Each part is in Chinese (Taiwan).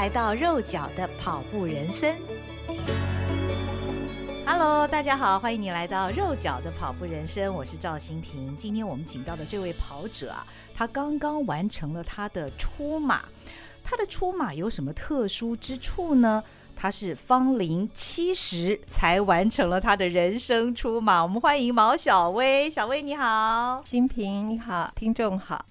來到肉腳的跑步人蔘，Hello，大家好，歡迎你來到肉腳的跑步人蔘，我是趙心屏。今天我們請到的這位跑者啊，他剛剛完成了他的初馬，他的初馬有什麼特殊之處呢？他是芳齡七十才完成了他的人生初馬，我們歡迎毛小薇，小薇你好，心屏你好，你好聽眾好。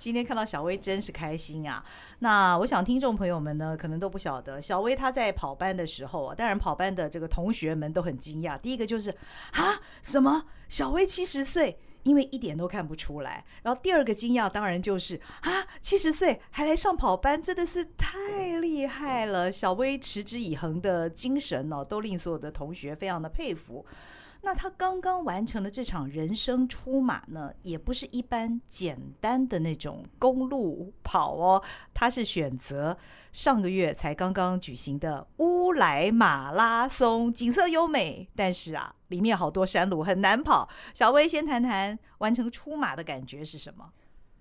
今天看到小薇真是開心啊！那我想聽眾朋友們呢，可能都不曉得小薇她在跑班的時候啊，當然跑班的這個同學們都很驚訝。第一個就是啊，什麼小薇七十歲，因為一點都看不出來。然後第二個驚訝當然就是啊，七十歲還來上跑班，真的是太厲害了。小薇持之以恆的精神呢，都令所有的同學非常的佩服。那他剛剛完成了這場人生初馬呢，也不是一般簡單的那種公路跑哦，他是選擇上個月才剛剛舉行的烏來馬拉松，景色優美，但是啊，裡面好多山路很難跑。小薇先談談完成初馬的感覺是什麼？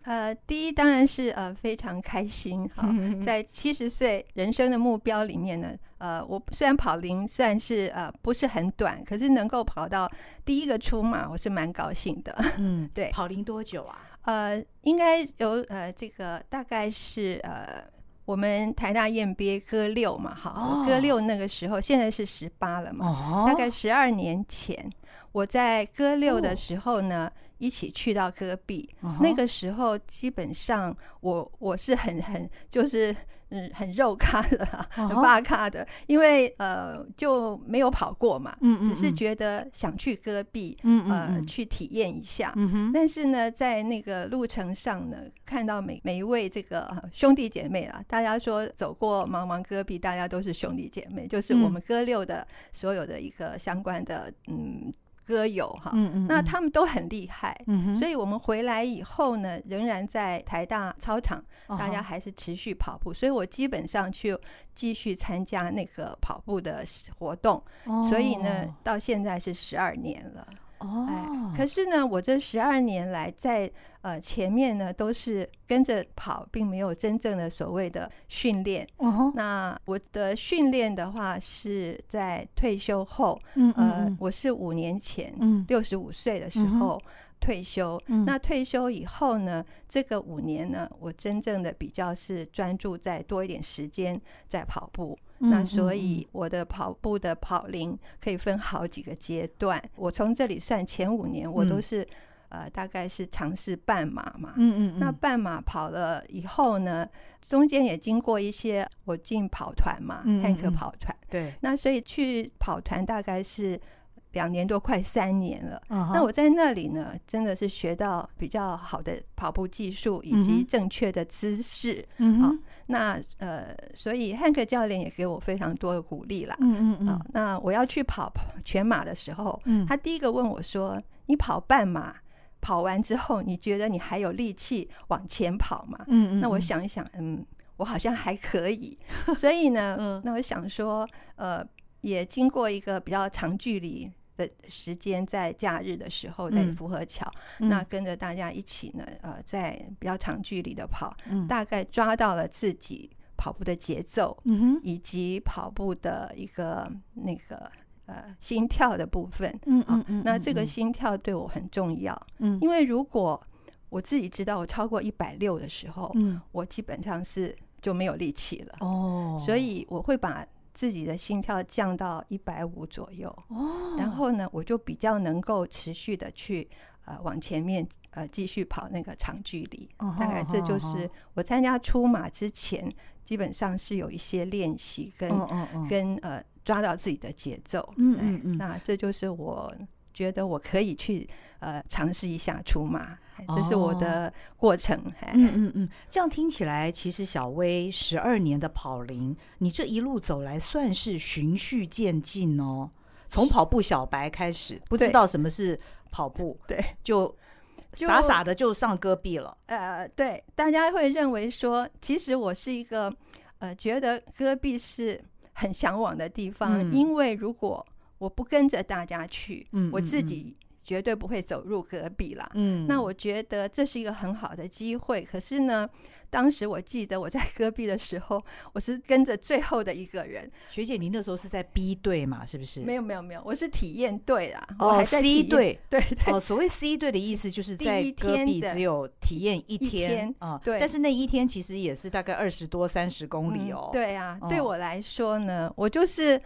呃，第一當然是呃非常開心哈，哦、 在七十歲人生的目標裡面呢，呃，我雖然跑齡算是呃不是很短，可是能夠跑到第一個初馬，我是蠻高興的。嗯、對，跑齡多久啊？呃，應該有呃這個大概是呃我們台大燕別哥六嘛，好，哥、哦、六那個時候現在是十八了嘛，哦、大概十二年前我在哥六的時候呢。哦一起去到戈壁，uh huh. 那個時候基本上我我是很很就是嗯很肉咖的，uh huh. 很巴咖的，因為呃就沒有跑過嘛，uh huh. 只是覺得想去戈壁，嗯、uh huh. 呃去體驗一下。Uh huh. 但是呢，在那個路程上呢，看到每每一位這個、呃、兄弟姐妹啊，大家說走過茫茫戈壁，大家都是兄弟姐妹，就是我們戈六的所有的一個相關的、uh huh. 嗯。歌友哈，嗯嗯嗯，那他們都很厲害，嗯、哼所以我們回來以後呢，仍然在台大操場，嗯、哼大家還是持續跑步，所以我基本上就繼續參加那個跑步的活動，哦、所以呢，到現在是十二年了。哦、oh. 哎，可是呢，我這十二年來在呃前面呢都是跟着跑，並沒有真正的所謂的訓練。Oh. 那我的訓練的話是在退休後，嗯、mm hmm. 呃，我是五年前，嗯、mm，六十五歲的時候、mm hmm. 退休。Mm hmm. 那退休以後呢，這個五年呢，我真正的比較是專注在多一點時間在跑步。那所以我的跑步的跑齡可以分好幾個階段。我從這裡算前五年，我都是呃大概是嘗試半馬嘛。嗯嗯。那半馬跑了以後呢，中間也經過一些我進跑團嘛，漢克跑團。對。那所以去跑團大概是兩年多快三年了。那我在那裡呢，真的是學到比較好的跑步技術以及正確的姿勢啊，嗯嗯嗯。嗯那呃，所以漢克教練也給我非常多的鼓勵啦。嗯嗯啊、嗯哦，那我要去跑全馬的時候，嗯、他第一個問我說：“你跑半馬跑完之後，你覺得你還有力氣往前跑嗎？”嗯，嗯嗯。那我想一想，嗯，我好像還可以。 所以呢，嗯，那我想說，呃，也經過一個比較長距離。的時間在假日的時候在福和橋，那跟着大家一起呢，嗯、呃，在比較長距離的跑，嗯、大概抓到了自己跑步的節奏，嗯、哼以及跑步的一個那個呃心跳的部分。嗯、啊、嗯，嗯那這個心跳對我很重要。嗯。因為如果我自己知道我超過一百六的時候，嗯，我基本上是就沒有力氣了。哦。所以我會把。自己的心跳降到一百五左右，oh, 然後呢，我就比較能夠持續的去，呃，往前面呃繼續跑那個長距離，oh, 大概這就是我參加初馬之前，基本上是有一些練習跟 oh, oh, oh. 跟呃抓到自己的節奏，嗯嗯嗯，那這就是我覺得我可以去，呃，嘗試一下初馬。這是我的過程。哦、嗯嗯嗯，這樣聽起來，其實小薇十二年的跑齡，你這一路走來算是循序漸進哦。從跑步小白開始，對不知道什麼是跑步，對，就傻傻的就上戈壁了。呃，對，大家會認為說，其實我是一個呃，覺得戈壁是很向往的地方，嗯、因為如果我不跟着大家去，我自己。嗯嗯絕對不會走入戈壁啦。嗯，那我覺得這是一個很好的機會。可是呢，當時我記得我在戈壁的時候，我是跟着最後的一個人。學姐，您那時候是在 B 隊嘛？是不是？沒有，沒有，沒有，我是體驗隊啊。哦我還在，C 隊隊，對，對，對哦，所謂 C 隊的意思就是在戈壁只有體驗一天啊。天天嗯、對，但是那一天其實也是大概二十多三十公里哦。嗯、對啊，嗯、對我來說呢，我就是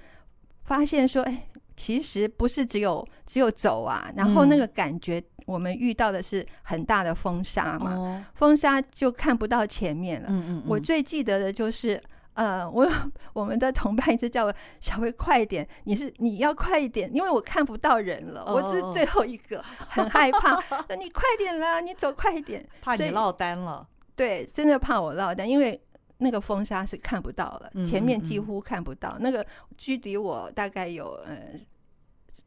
發現說，哎、欸。其實不是只有只有走啊，然後那個感覺，我們遇到的是很大的風沙嘛，嗯哦、風沙就看不到前面了。嗯嗯，嗯，我最記得的就是，呃，我我們的同伴一直叫我小薇，快一點，你是你要快一點，因為我看不到人了，哦、我只是最後一個，很害怕。 那你快點啦，你走快一點，怕你落單了。對，真的怕我落單，因為。那個風沙是看不到了，前面幾乎看不到。那個距離我大概有呃，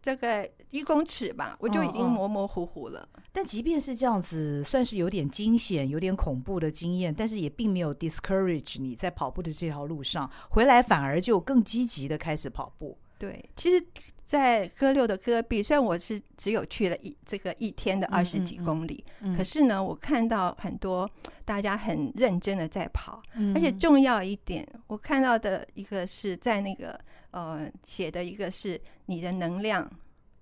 大概一公尺吧，我就已經模模糊糊了。哦哦、但即便是這樣子，算是有點驚險、有點恐怖的經驗，但是也並沒有 discourage 你在跑步的這條路上回來，反而就更積極的開始跑步。哦哦哦哦、對，其實。在戈六的戈壁，雖然我是只有去了一這個一天的二十幾公里，嗯嗯嗯、可是呢，我看到很多大家很認真的在跑，嗯、而且重要一點，我看到的一個是在那個呃寫的一個是你的能量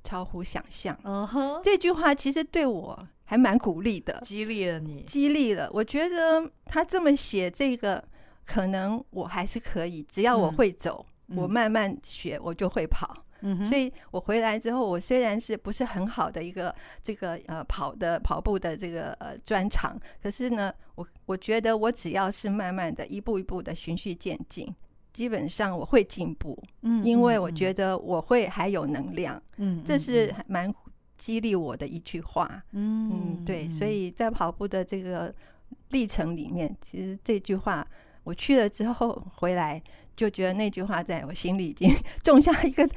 超乎想象，哼、uh-huh. 這句話其實對我還蠻鼓勵的，激勵了你，激勵了。我覺得他這麼寫，這個可能我還是可以，只要我會走，嗯、我慢慢學，嗯、我就會跑。所以我回來之後，我雖然是不是很好的一個這個呃跑的跑步的這個呃專長，可是呢，我我覺得我只要是慢慢的一步一步的循序漸進，基本上我會進步，嗯，因為我覺得我會還有能量，嗯，這是還蠻激勵我的一句話，嗯，對，所以在跑步的這個歷程裡面，其實這句話我去了之後回來就覺得那句話在我心裡已經種下一個。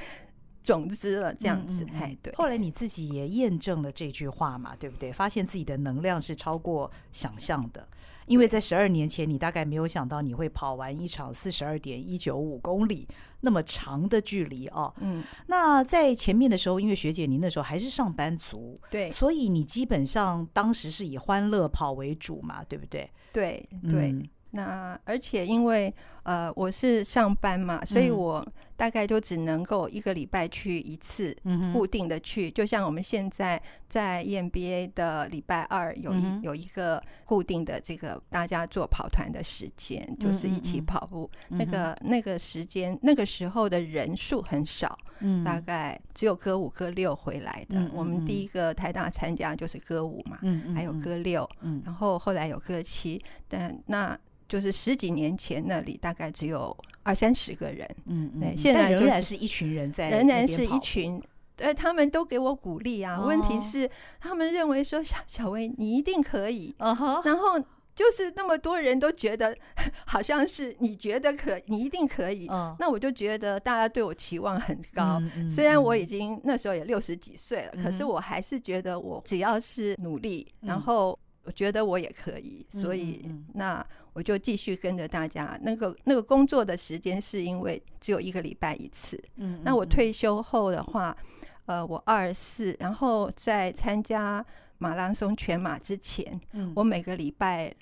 總之，了，這樣子，哎、嗯嗯，對。後來你自己也驗證了這句話嘛，對不對？發現自己的能量是超過想象的，因為在十二年前，對你大概沒有想到你會跑完一場四十二點一九五公里那麼長的距離哦、啊。嗯，那在前面的時候，因為學姐您那時候還是上班族，對，所以你基本上當時是以歡樂跑為主嘛，對不對？對對，對嗯、那而且因為。呃，我是上班嘛，所以我大概就只能夠一個禮拜去一次，固定的去。嗯、哼就像我們現在在 EMBA 的禮拜二有一、嗯、哼有一個固定的這個大家做跑團的時間，嗯、哼就是一起跑步。嗯、哼那個那個時間那個時候的人數很少，嗯、哼大概只有歌五歌六回來的。嗯、哼我們第一個台大參加就是歌五嘛，嗯、哼還有歌六，嗯、哼然後後來有歌七，但那。就是十幾年前那裡大概只有二三十個人嗯，嗯，現在對仍然是一群人在，仍然是一群，對，他們都給我鼓勵啊。哦、問題是他們認為說小小薇，你一定可以，啊、哈然後就是那麼多人都覺得好像是你覺得可你一定可以，哦、那我就覺得大家對我期望很高。嗯嗯、雖然我已經那時候也六十幾歲了，嗯、可是我還是覺得我只要是努力，嗯、然後。我覺得我也可以，所以那我就繼續跟着大家。那個那個工作的時間是因為只有一個禮拜一次。嗯，嗯，嗯嗯嗯、那我退休後的話，呃，我二十四，然後在參加馬拉松、全馬之前，我每個禮拜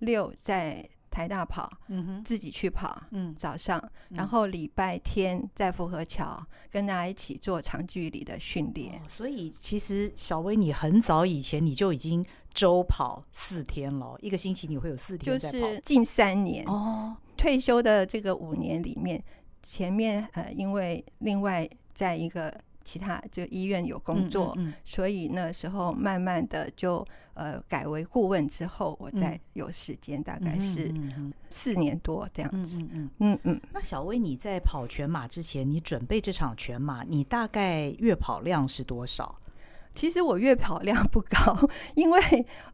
六在台大跑，嗯、哼自己去跑，嗯、早上，嗯、然後禮拜天在福和橋跟大家一起做長距離的訓練。哦、所以其實小薇，你很早以前你就已經週跑四天了，一個星期你會有四天在跑，就是近三年哦。退休的這個五年裡面，前面呃，因為另外在一個。其他就醫院有工作，嗯嗯、所以那時候慢慢的就呃改為顧問之後，我再有時間，嗯、大概是四年多這樣子。嗯嗯，嗯，嗯，嗯那小薇，你在跑全馬之前，你準備這場全馬，你大概月跑量是多少？其實我月跑量不高，因為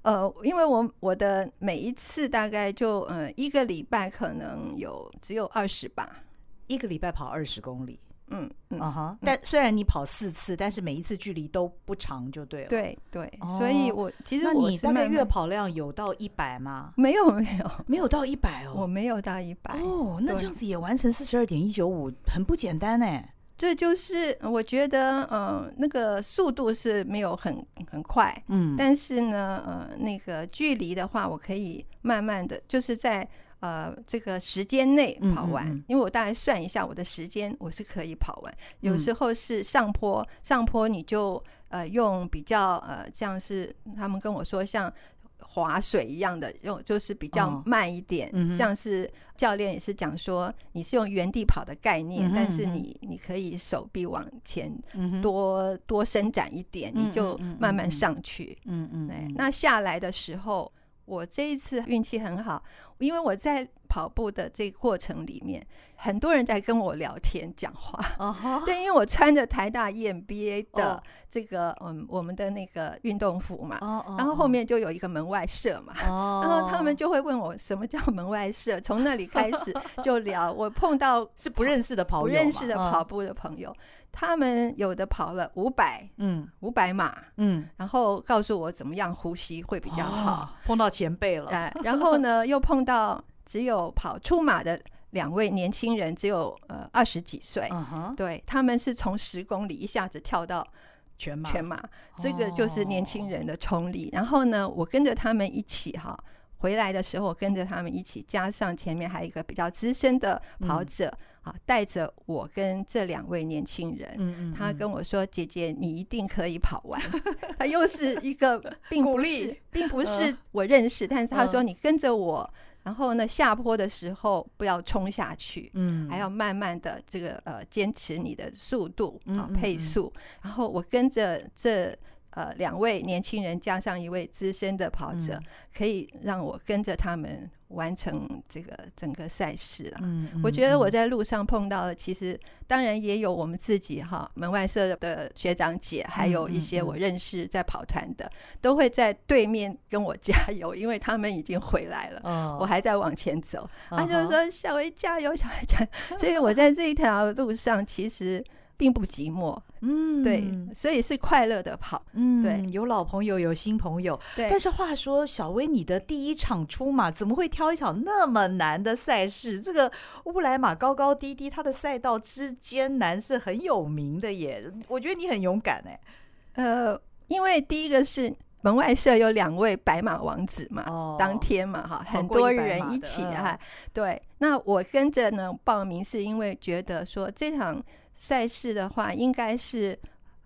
呃，因為我我的每一次大概就嗯、呃、一個禮拜可能有只有二十吧，一個禮拜跑二十公里。嗯嗯哈，uh、huh, 嗯但雖然你跑四次，但是每一次距離都不長，就對了。對對，對哦、所以我其實我那，你大概月跑量有到一百嗎？沒有沒有，沒有， 沒有到一百哦，我沒有到一百。哦，那這樣子也完成四十二點一九五，很不簡單呢、哎。這就是我覺得，嗯、呃，那個速度是沒有很很快，嗯，但是呢，呃，那個距離的話，我可以慢慢的，就是在。呃，這個時間內跑完，嗯、哼因為我大概算一下，我的時間我是可以跑完。嗯、哼有時候是上坡，上坡你就呃用比較呃像是他們跟我說像划水一樣的用，就是比較慢一點。哦嗯、像是教練也是講說，你是用原地跑的概念，嗯、哼但是你你可以手臂往前多、嗯、哼多伸展一點，嗯、哼你就慢慢上去。嗯嗯哼，對，那下來的時候。我這一次運氣很好，因為我在跑步的這個過程裡面，很多人在跟我聊天講話。Uh huh. 對，因為我穿着台大 EMBA 的這個、uh huh. 嗯，我們的那個運動服嘛，uh huh. 然後後面就有一個門外社嘛，uh huh. 然後他們就會問我什麼叫門外社，從那裡開始就聊。 我碰到是不認識的跑不認識的跑步的朋友。Uh huh. 他們有的跑了五百，嗯，五百馬，嗯，然後告訴我怎麼樣呼吸會比較好。哦、碰到前輩了，哎、然後呢， 又碰到只有跑初馬的兩位年輕人，只有呃、嗯、二十幾歲，嗯、對他們是從十公里一下子跳到全馬，全馬，哦、這個就是年輕人的衝力。哦、然後呢，我跟着他們一起哈、哦，回來的時候跟着他們一起，加上前面還有一個比較資深的跑者。嗯帶着我跟這兩位年輕人，他跟我說：“姐姐，你一定可以跑完。”他又是一個，並不是，並不是我認識，但是他說：“你跟着我，然後呢，下坡的時候不要衝下去，嗯，還要慢慢的這個呃，堅持你的速度啊，呃，配速。”然後我跟着這。呃，兩位年輕人加上一位資深的跑者，嗯、可以讓我跟着他們完成這個整個賽事了，啊。嗯、我覺得我在路上碰到的，其實當然也有我們自己哈，嗯、門外社的學長姐，嗯、還有一些我認識在跑團的，嗯嗯、都會在對面跟我加油，因為他們已經回來了，哦、我還在往前走。他，哦啊、就是說：“小薇加油，小薇加油！”哦、所以我在這一條路上其實並不寂寞，嗯，對，所以是快樂的跑，嗯，對，有老朋友，有新朋友，對。但是話說，小薇，你的第一場初馬，怎麼會挑一場那麼難的賽事？這個烏來馬高高低低，它的賽道之艱難是很有名的耶。我覺得你很勇敢誒、欸。呃，因為第一個是門外社有兩位白馬王子嘛，哦，當天嘛，哈，很多人一起哈、啊，嗯啊、對。那我跟着呢報名，是因為覺得說這場。賽事的話，應該是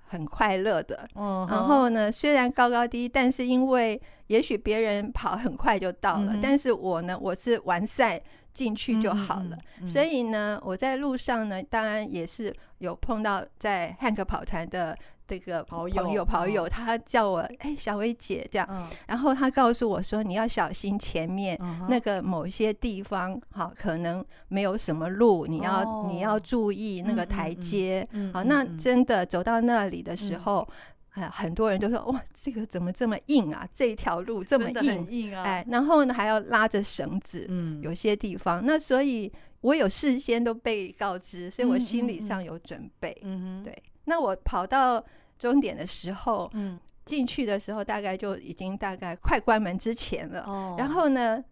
很快樂的。嗯，然後呢，雖然高高低，但是因為也許別人跑很快就到了，但是我呢，我是完賽進去就好了。所以呢，我在路上呢，當然也是有碰到在 Hank 跑團的。這個朋友，有朋友，他叫我哎、欸，小薇姐這樣。嗯、然後他告訴我說，你要小心前面那個某些地方，哈，可能沒有什麼路，你要你要注意那個台階。好，那真的走到那裡的時候、呃，很多人都說哇，這個怎麼這麼硬啊？這條路這麼硬，硬啊！哎，然後呢還要拉着繩子，有些地方。那所以，我有事先都被告知，所以我心理上有準備。 嗯對。 嗯對。那我跑到終點的時候，嗯，進去的時候大概就已經大概快關門之前了。哦、然後呢，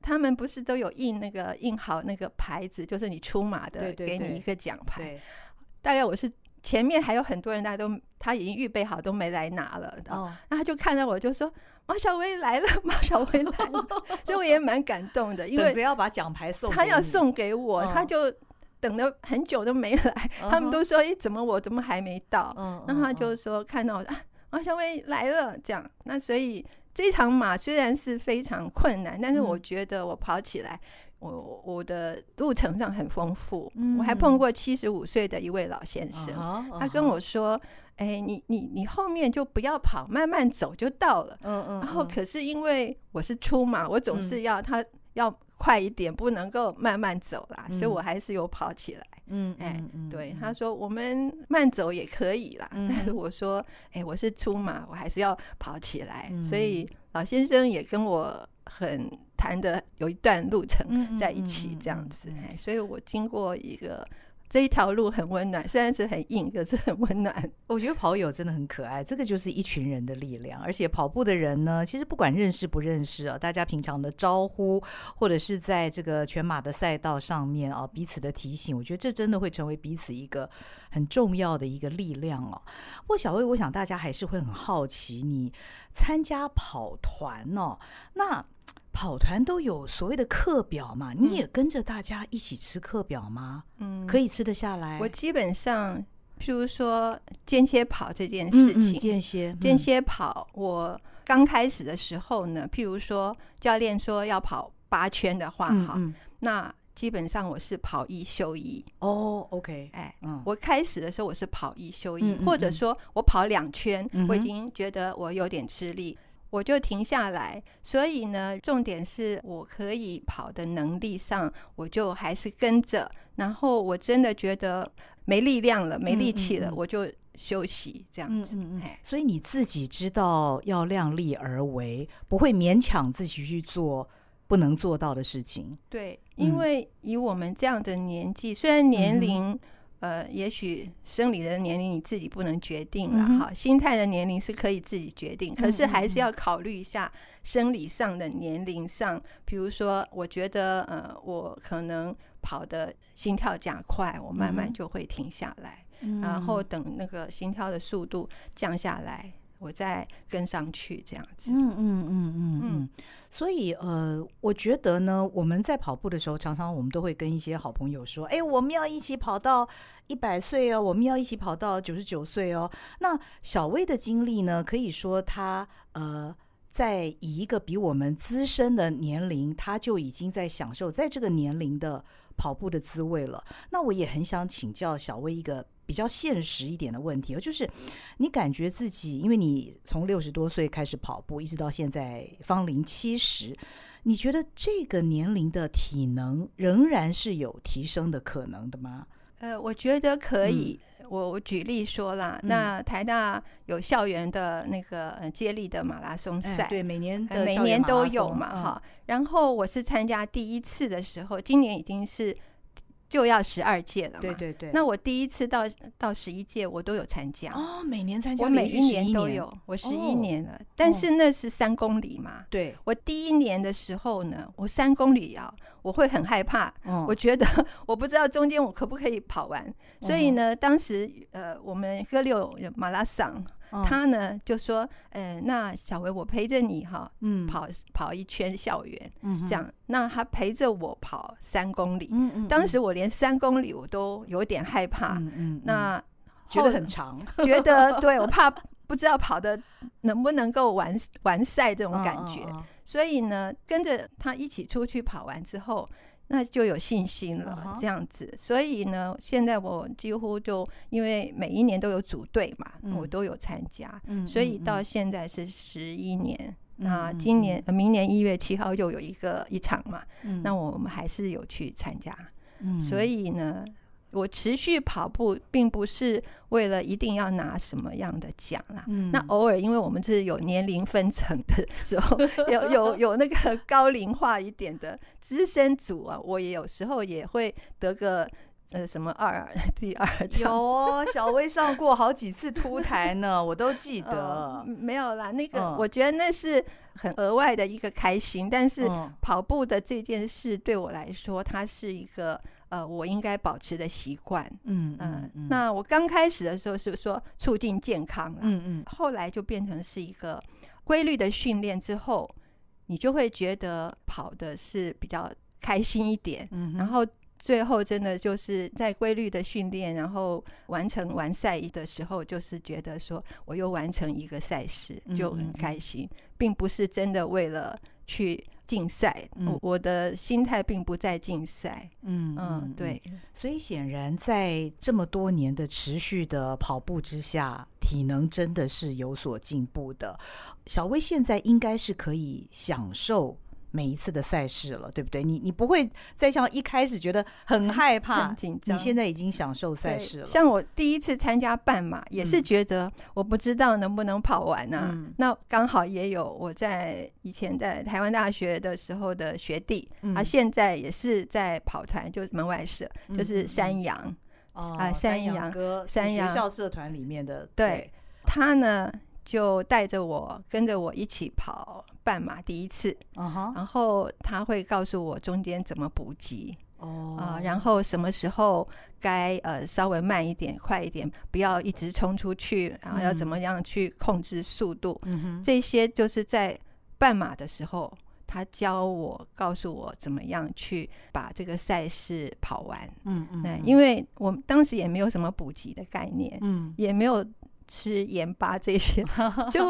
他們不是都有印那個印好那個牌子，就是你出馬的，對對對，給你一個獎牌。大概我是前面還有很多人大，大家都他已經預備好，都沒來拿了。哦，然後他就看到我就說：“哦、毛小薇來了，毛小薇來了。” 所以我也蠻感動的，因為只要，要把獎牌送給他要送給我，嗯、他就。等了很久都沒來，uh huh. 他們都說：“哎、欸，怎麼我怎麼還沒到？”那、uh huh. 他就說看到毛、uh huh. 啊啊、小薇來了，這樣。那所以這場馬雖然是非常困難，但是我覺得我跑起來，uh huh. 我我的路程上很豐富。Uh huh. 我還碰過七十五歲的一位老先生，uh huh. uh huh. 他跟我說：“哎、欸，你你你後面就不要跑，慢慢走就到了。Uh ”嗯嗯。然後可是因為我是初馬，我總是要他、uh huh. 要。快一點，不能夠慢慢走啦，所以我還是有跑起來。嗯，對，他說我們慢走也可以啦。嗯、但是我說，哎、欸，我是初馬，我還是要跑起來。嗯、所以老先生也跟我很談得有一段路程在一起這樣子，嗯嗯嗯嗯欸、所以我經過一個。這一條路很溫暖，雖然是很硬，可是很溫暖。我覺得跑友真的很可愛，這個就是一群人的力量。而且跑步的人呢，其實不管認識不認識啊，大家平常的招呼，或者是在這個全馬的賽道上面啊，彼此的提醒，我覺得這真的會成為彼此一個很重要的一個力量哦、啊。不過小薇，我想大家還是會很好奇，你參加跑團呢、啊？那跑團都有所謂的課表嘛？你也跟着大家一起吃課表嗎？嗯，可以吃得下來。我基本上，譬如說間歇跑這件事情，嗯嗯間歇嗯、間歇跑，我剛開始的時候呢，譬如說教練說要跑八圈的話，哈、嗯嗯，那基本上我是跑一休一。哦、oh, OK，哎，嗯、我開始的時候我是跑一休一，嗯嗯嗯或者說我跑兩圈，我已經覺得我有點吃力。嗯嗯嗯。我就停下來，所以呢，重點是我可以跑的能力上，我就還是跟着。然後我真的覺得沒力量了，沒力氣了，嗯嗯嗯，我就休息這樣子。嗯嗯嘿，所以你自己知道要量力而為，不會勉強自己去做不能做到的事情。對，因為以我們這樣的年紀，嗯、雖然年齡、嗯。呃，也許生理的年齡你自己不能決定了哈，嗯，心態的年齡是可以自己決定，可是還是要考慮一下生理上的年齡上，嗯嗯嗯，比如說，我覺得呃，我可能跑的心跳加快，我慢慢就會停下來，嗯嗯，然後等那個心跳的速度降下來。我再跟上去這樣子嗯。嗯嗯嗯嗯嗯，嗯嗯所以呃，我覺得呢，我們在跑步的時候，常常我們都會跟一些好朋友說：“哎，我們要一起跑到一百歲哦，我們要一起跑到九十九歲哦。”那小薇的經歷呢，可以說她呃，在以一個比我們資深的年齡，她就已經在享受在這個年齡的跑步的滋味了。那我也很想請教小薇一個。比較現實一點的問題，就是，你感覺自己，因為你從六十多歲開始跑步，一直到現在芳齡七十，你覺得這個年齡的體能仍然是有提升的可能的嗎？呃，我覺得可以。我、嗯、我舉例說啦，嗯、那台大有校園的那個接力的馬拉松賽，哎，對，每年、呃、每年都有嘛，哈、嗯。然後我是參加第一次的時候，今年已經是。就要十二屆了嘛，對對對。那我第一次到到十一屆，我都有參加哦，每年參加，我每一年都有，十一年。我十一年了。哦、但是那是三公里嘛，對、嗯。我第一年的時候呢，我三公里啊，我會很害怕，嗯、我覺得我不知道中間我可不可以跑完，嗯、所以呢，當時呃，我們哥六有馬拉松。嗯、他呢就說：“嗯、欸，那小薇，我陪着你哈，跑、嗯、跑一圈校園，這樣。嗯、哼那他陪着我跑三公里，嗯嗯嗯，當時我連三公里我都有點害怕，那覺得很長，覺得對我怕不知道跑得能不能夠完完賽這種感覺。嗯嗯嗯，所以呢，跟着他一起出去跑完之後。”那就有信心了，這樣子。所以呢，現在我幾乎就因為每一年都有組隊嘛，我都有參加，所以到現在是十一年、啊。那今年、明年一月七號又有一個一場嘛，那我們還是有去參加。所以呢。我持續跑步，並不是為了一定要拿什麼樣的獎啦。嗯、那偶爾，因為我們是有年齡分層的時候，有有有那個高齡化一點的資深組啊， 我也有時候也會得個呃什麼二第二。有哦，小薇上過好幾次凸台呢， 我都記得、呃。沒有啦，那個我覺得那是很額外的一個開心。嗯、但是跑步的這件事對我來說，它是一個。呃，我應該保持的習慣，嗯嗯，呃、嗯，那我剛開始的時候是說促進健康嗯、啊、嗯，嗯後來就變成是一個規律的訓練，之後你就會覺得跑的是比較開心一點，嗯哼，然後最後真的就是在規律的訓練，然後完成完賽的時候，就是覺得說我又完成一個賽事，嗯、哼就很開心，並不是真的為了去。競賽，我我的心態並不在競賽。嗯嗯，對、嗯，所以顯然在這麼多年的持續的跑步之下，體能真的是有所進步的。小薇現在應該是可以享受。每一次的賽事了，對不對？你你不會再像一開始覺得很害怕，很很緊張，你現在已經享受賽事了。像我第一次參加半馬，也是覺得我不知道能不能跑完呢、啊。嗯、那剛好也有我在以前在台灣大學的時候的學弟，他、嗯啊、現在也是在跑團，就是門外社，嗯、就是山羊、嗯嗯哦、啊，山羊哥，山羊,山羊校社團裡面的。對,對他呢，就帶着我，跟着我一起跑。半馬第一次，uh huh. 然後他會告訴我中間怎麼補給哦、oh. 呃，然後什麼時候該呃稍微慢一點、快一點，不要一直衝出去，然後要怎麼樣去控制速度，mm hmm. 這些就是在半馬的時候，他教我、告訴我怎麼樣去把這個賽事跑完。嗯嗯、mm，hmm. 因為我當時也沒有什麼補給的概念，嗯、mm，hmm. 也沒有。吃鹽巴這些，就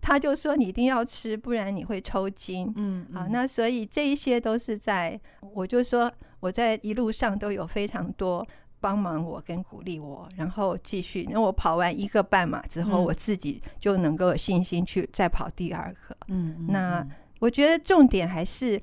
他就說你一定要吃，不然你會抽筋。嗯，好，那所以這一些都是在，我就說我在一路上都有非常多幫忙我跟鼓勵我，然後繼續，那我跑完一個半馬之後，我自己就能夠有信心去再跑第二個。嗯，那我覺得重點還是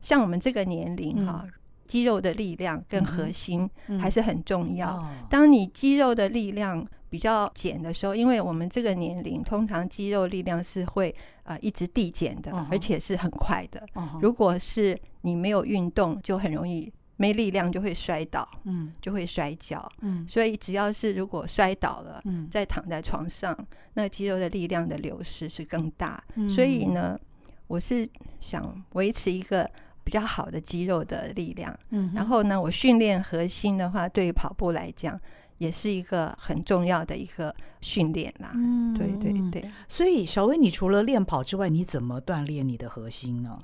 像我們這個年齡哈，肌肉的力量跟核心還是很重要。當你肌肉的力量。比較減的時候，因為我們這個年齡，通常肌肉力量是會呃一直遞減的，而且是很快的。Uh huh. Uh-huh. 如果是你沒有運動，就很容易沒力量，就會摔倒，嗯，就會摔跤，嗯。所以只要是如果摔倒了，嗯，再躺在床上，那肌肉的力量的流失是更大。嗯。所以呢，我是想維持一個比較好的肌肉的力量，嗯哼。然後呢，我訓練核心的話，對於跑步來講。也是一個很重要的一個訓練啦，嗯，對對對。所以小薇，你除了練跑之外，你怎麼鍛鍊你的核心呢？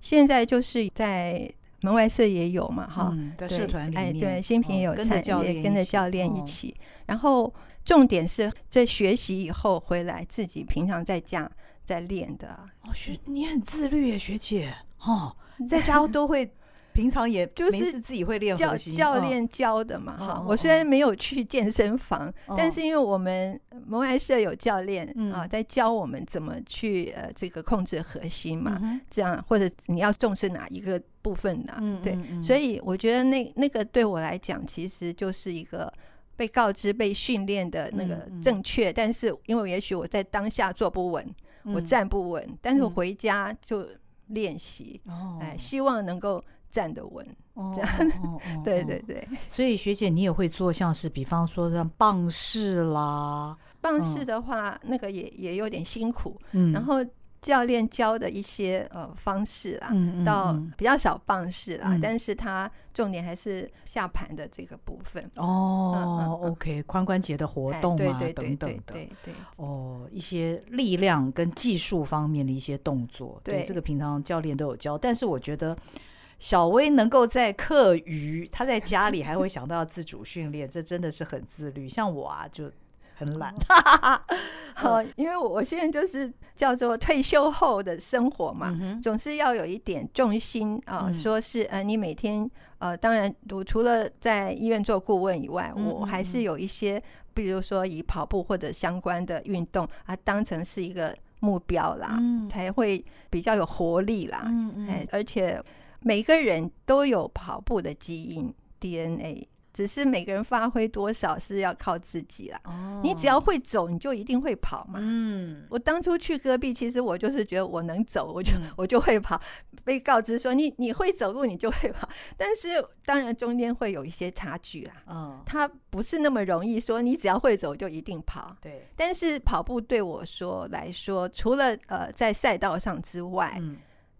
現在就是在門外社也有嘛，哈、嗯，在社團裡面哎，對，新平也有參與，跟也跟着教練一起。哦、然後重點是在學習以後回來自己平常在家在練的。哦，學你很自律誒，學姐哦， 在家都會。平常也就是自己會練核心，教教練教的嘛。哈，我雖然沒有去健身房，但是因為我們蒙安社有教練啊，在教我們怎麼去呃這個控制核心嘛。這樣或者你要重視哪一個部分呢？對。所以我覺得那那個對我來講，其實就是一個被告知、被訓練的那個正確。但是因為也許我在當下坐不穩，我站不穩，但是我回家就練習，哎，希望能夠。站得穩，這樣對對對。所以學姐，你也會做，像是比方說像棒式啦，棒式的話，那個也也有點辛苦。嗯，然後教練教的一些呃方式啦，到比較少棒式啦，但是他重點還是下盤的這個部分。哦，OK，髖關節的活動啊，等等的，對對。哦，一些力量跟技術方面的一些動作，對，這個平常教練都有教，但是我覺得。小薇能夠在課餘，她在家裡還會想到自主訓練， 這真的是很自律。像我啊，就很懶。好，因為我現在就是叫做退休後的生活嘛，嗯、哼總是要有一點重心啊，呃嗯、說是、呃、你每天呃，當然我除了在醫院做顧問以外，嗯嗯我還是有一些，比如說以跑步或者相關的運動啊，當成是一個目標啦，嗯、才會比較有活力啦。嗯嗯哎，而且。每個人都有跑步的基因 DNA，只是每個人發揮多少是要靠自己啦。你只要會走，你就一定會跑嘛。我當初去戈壁，其實我就是覺得我能走，我就我就會跑。被告知說你你會走路，你就會跑，但是當然中間會有一些差距啦、啊。它不是那麼容易說你只要會走就一定跑。對，但是跑步對我說來說，除了呃在賽道上之外，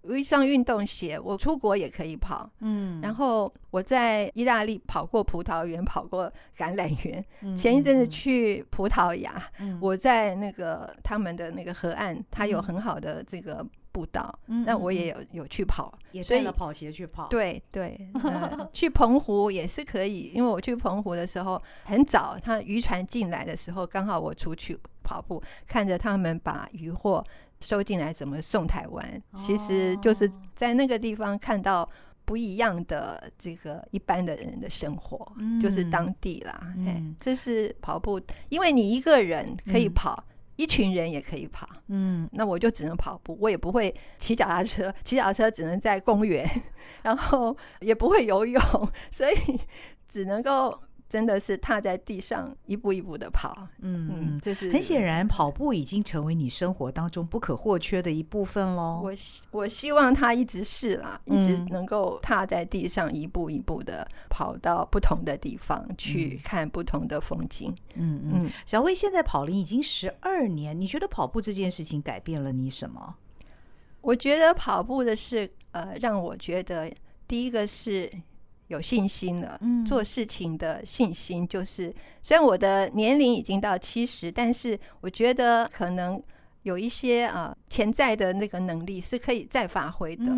有一雙運動鞋，我出國也可以跑。嗯，然後我在意大利跑過葡萄園，跑過橄欖園。嗯、前一陣子去葡萄牙，嗯、我在那個他們的那個河岸，他、嗯、有很好的這個步道，那、嗯、我也有有去跑，嗯嗯、以也為了跑鞋去跑。對對，對 去澎湖也是可以，因為我去澎湖的時候很早，他漁船進來的時候，剛好我出去跑步，看着他們把漁獲。收進來怎麼送台灣？其實就是在那個地方看到不一樣的這個一般的人的生活，嗯，就是當地啦，嗯，欸，這是跑步，因為你一個人可以跑，嗯，一群人也可以跑。嗯，那我就只能跑步，我也不會騎腳踏車，騎腳踏車只能在公園，然後也不會游泳，所以只能夠。真的是踏在地上一步一步的跑，嗯嗯，這、嗯就是很顯然，跑步已經成為你生活當中不可或缺的一部分嘍我希我希望他一直是啦、啊，嗯、一直能夠踏在地上一步一步的跑到不同的地方去看不同的風景，嗯嗯。嗯嗯小薇現在跑了已經十二年，你覺得跑步這件事情改變了你什麼？我覺得跑步的是，呃，讓我覺得第一個是。有信心了，做事情的信心就是，嗯、雖然我的年齡已經到七十，但是我覺得可能。有一些啊潛在的那個能力是可以再發揮的，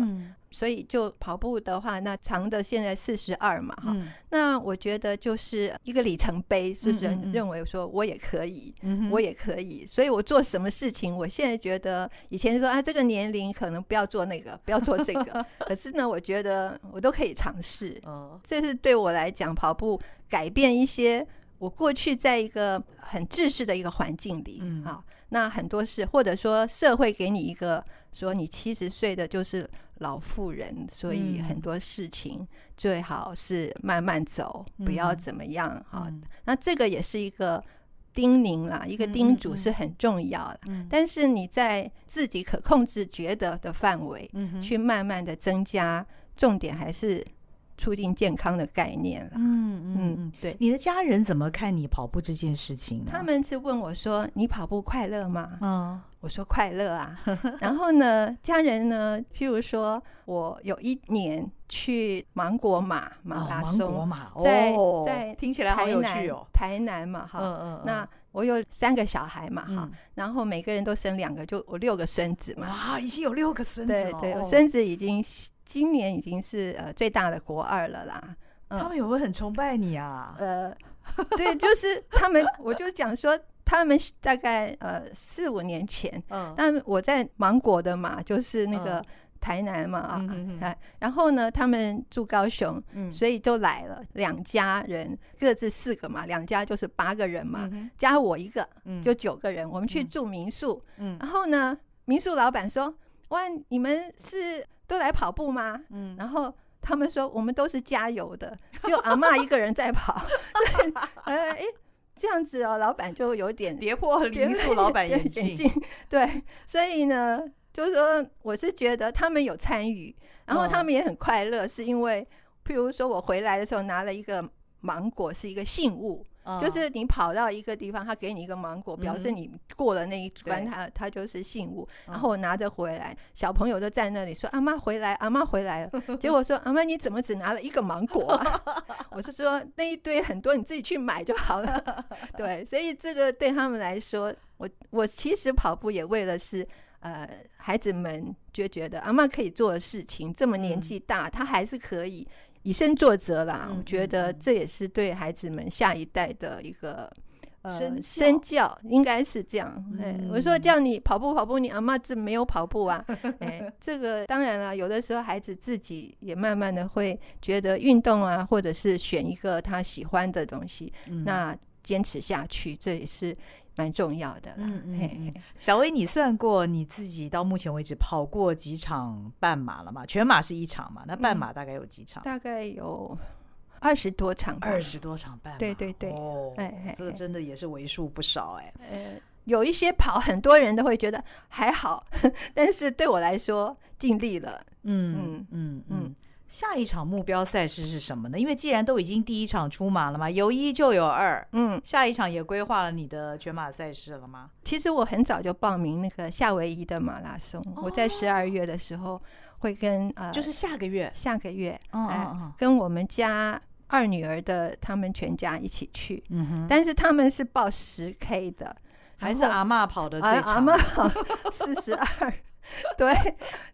所以就跑步的話，那長的現在四十二嘛哈，嗯、那我覺得就是一個里程碑，是不是人認為說我也可以，嗯嗯嗯、我也可以，所以我做什麼事情，我現在覺得以前說啊這個年齡可能不要做那個，不要做這個， 可是呢，我覺得我都可以嘗試。這是對我來講，跑步改變一些我過去在一個很自私的一個環境裡啊。嗯嗯那很多事，或者說社會給你一個說你七十歲的就是老婦人，所以很多事情最好是慢慢走，嗯、不要怎麼樣啊、嗯哦。那這個也是一個叮嚀啦，一個叮囑是很重要的。嗯嗯嗯，但是你在自己可控制、覺得的範圍，嗯、哼去慢慢的增加，重點還是。促進健康的概念了，嗯嗯嗯，對，你的家人怎麼看你跑步這件事情呢？他們是問我說：“你跑步快樂嗎？”嗯，我說：“快樂啊。”然後呢，家人呢，譬如說，我有一年去芒果馬馬拉松，在在。聽起來好有趣哦，台南嘛，哈，那我有三個小孩嘛，哈，然後每個人都生兩個，就我六個孫子嘛，啊，已經有六個孫子了，對，我孫子已經。今年已經是呃最大的國二了啦，嗯、他們有沒有很崇拜你啊？呃，對，就是他們， 我就講說，他們大概呃四五年前，嗯，那我在芒果的嘛，就是那個台南嘛、嗯、啊，嗯嗯、然後呢，他們住高雄，嗯，所以就來了兩家人，各自四個嘛，兩家就是八個人嘛，嗯、加我一個，嗯，就九個人，我們去住民宿，嗯，嗯然後呢，民宿老闆說，哇，你們是。都來跑步嗎？嗯，然後他們說我們都是加油的， 只有阿嬤一個人在跑。對， 哎，這樣子哦，老闆就有點跌破民宿老闆眼鏡。對，所以呢，就是說，我是覺得他們有參與，然後他們也很快樂，是因為，哦、譬如說我回來的時候拿了一個芒果，是一個信物。就是你跑到一個地方，他給你一個芒果，表示你過了那一關他，他、嗯、哼他就是信物。對然後我拿着回來，小朋友都在那裡說：“阿媽、啊、回來，阿、啊、媽回來了。” 結果說：“阿媽，你怎麼只拿了一個芒果、啊？” 我是說那一堆很多，你自己去買就好了。 對，所以這個對他們來說，我我其實跑步也為了是呃，孩子們就覺得阿媽可以做的事情，這麼年紀大，他還是可以。嗯以身作則啦，我覺得這也是對孩子們下一代的一個、嗯、呃身教，身教，應該是這樣。嗯、哎，我說叫你跑步跑步，你阿媽就沒有跑步啊。哎， 這個當然啦，有的時候孩子自己也慢慢的會覺得運動啊，或者是選一個他喜歡的東西，嗯、那堅持下去，這也是。蠻重要的啦。嗯嗯，嗯 小薇，你算過你自己到目前為止跑過幾場半馬了嗎？全馬是一場嘛，那半馬大概有幾場？嗯、大概有二十多場吧。二十多場半馬，對對對，哦，哎，哎，哎，這真的也是為數不少哎。哎，哎，呃、有一些跑，很多人都會覺得還好，但是對我來說盡力了。嗯嗯嗯嗯。嗯嗯嗯下一場目標賽事是什麼呢？因為既然都已經第一場出馬了嘛，有一就有二，嗯，下一場也規劃了你的全馬賽事了嗎？其實我很早就報名那個夏威夷的馬拉松，我在十二月的時候會跟呃，就是下個月，下個月，哦，跟我們家二女兒的他們全家一起去，但是他們是報十 K 的，還是阿嬤跑的最長，阿嬤跑四十二，對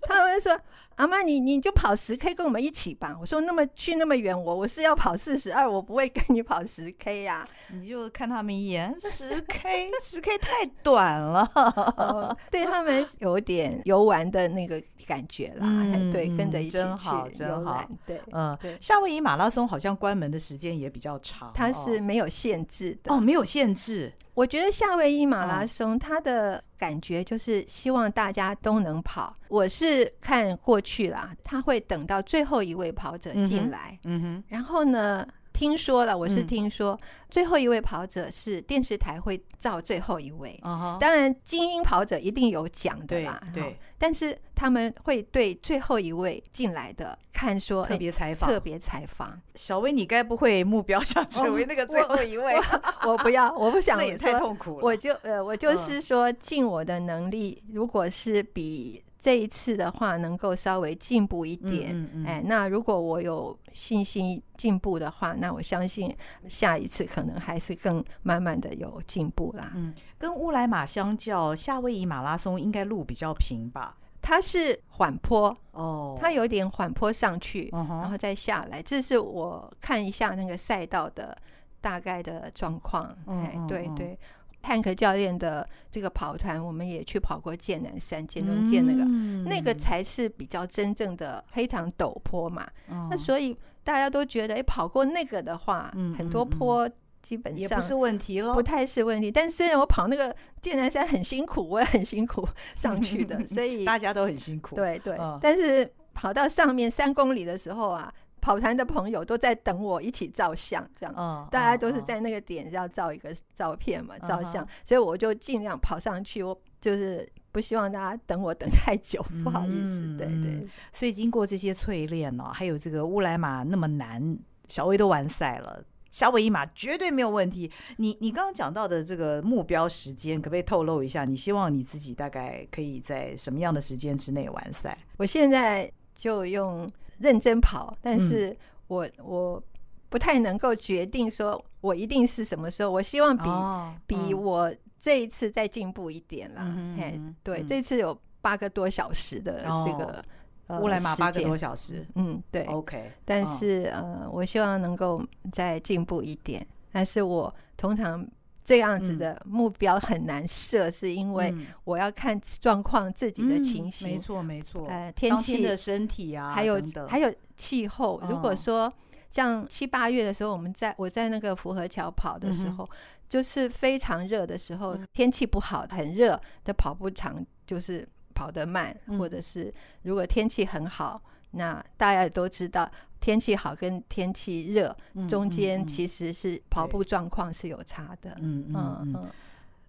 他們說。阿、啊、媽，你，你就跑十 k 跟我們一起吧。我說那麼去那麼遠，我我是要跑四十二，我不會跟你跑十 k 呀、啊。你就看他們一眼，十 k 十 k 太短了， 哦、對他們有點遊玩的那個感覺啦。嗯哎、對，跟着一起去遊玩真好，真好。對，嗯。夏威夷馬拉松好像關門的時間也比較長，它對、哦、是沒有限制的哦，沒有限制。我覺得夏威夷馬拉松它的感覺就是希望大家都能跑。我是看過去啦，他會等到最後一位跑者進來。嗯哼。然後呢，聽說了，我是聽說最後一位跑者是電視台會照最後一位。當然，精英跑者一定有獎，對吧？對。但是他們會對最後一位進來的看說特別採訪。特別採訪。小薇，你該不會目標想成為那個最後一位？我不要，我不想。那也太痛苦了。我就呃，我就是說盡我的能力，如果是比。這一次的話，能夠稍微進步一點。嗯嗯嗯、哎，那如果我有信心進步的話，那我相信下一次可能還是更慢慢的有進步啦。嗯、跟烏來馬相較，夏威夷馬拉松應該路比較平吧？它是緩坡哦，oh、它有點緩坡上去，uh huh、然後再下來。這是我看一下那個賽道的大概的狀況。Uh huh、哎，對對。坦克教練的這個跑團，我們也去跑過劍南山、劍中劍那個，嗯、那個才是比較真正的黑長陡坡嘛。嗯、那所以大家都覺得，哎、欸，跑過那個的話，嗯、很多坡基本上、嗯嗯、也不是問題了，不太是問題。但雖然我跑那個劍南山很辛苦，我也很辛苦上去的，嗯、所以大家都很辛苦。對，對對，嗯、但是跑到上面三公里的時候啊。跑團的朋友都在等我一起照相，這樣，哦、大家都是在那個點要照一個照片嘛，哦、照相，哦、所以我就盡量跑上去，我就是不希望大家等我等太久，嗯、不好意思，對對。所以經過這些淬煉哦，還有這個烏來馬那麼難，小薇都完賽了，小薇一馬絕對沒有問題。你你剛剛講到的這個目標時間，可不可以透露一下？你希望你自己大概可以在什麼樣的時間之內完賽？我現在就用。認真跑，但是我我不太能夠決定說，我一定是什麼時候。我希望比、哦嗯、比我這一次再進步一點啦。嗯、嘿，嗯、對，嗯、這次有八個多小時的這個、哦呃、烏來馬八個多小時，嗯，對，OK。但是、哦、呃，我希望能夠再進步一點，但是我通常。這樣子的目標很難設，嗯、是因為我要看狀況自己的情形，嗯、沒錯沒錯。呃，天氣、當天的身體啊，還有等等還有氣候。哦、如果說像七八月的時候，我們在我在那個福和橋跑的時候，嗯、哼就是非常熱的時候，嗯、天氣不好，很熱，都跑不長，就是跑得慢，嗯、或者是如果天氣很好，那大家都知道。天氣好跟天氣熱、嗯、中間其實是跑步狀況是有差的。嗯嗯嗯，嗯嗯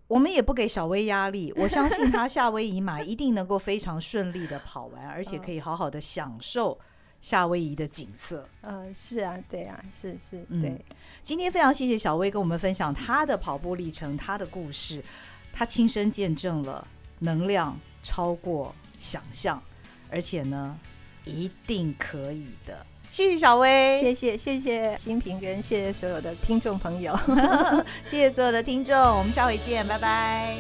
我們也不給小薇壓力， 我相信她夏威夷馬一定能夠非常順利的跑完， 而且可以好好的享受夏威夷的景色。嗯，是啊，對啊，是是，嗯、對。今天非常謝謝小薇跟我們分享她的跑步歷程，她的故事，她親身見證了能量超過想象，而且呢，一定可以的。謝謝小薇，謝謝謝謝心屏跟謝謝所有的聽眾朋友， 謝謝所有的聽眾，我們下回見，拜拜。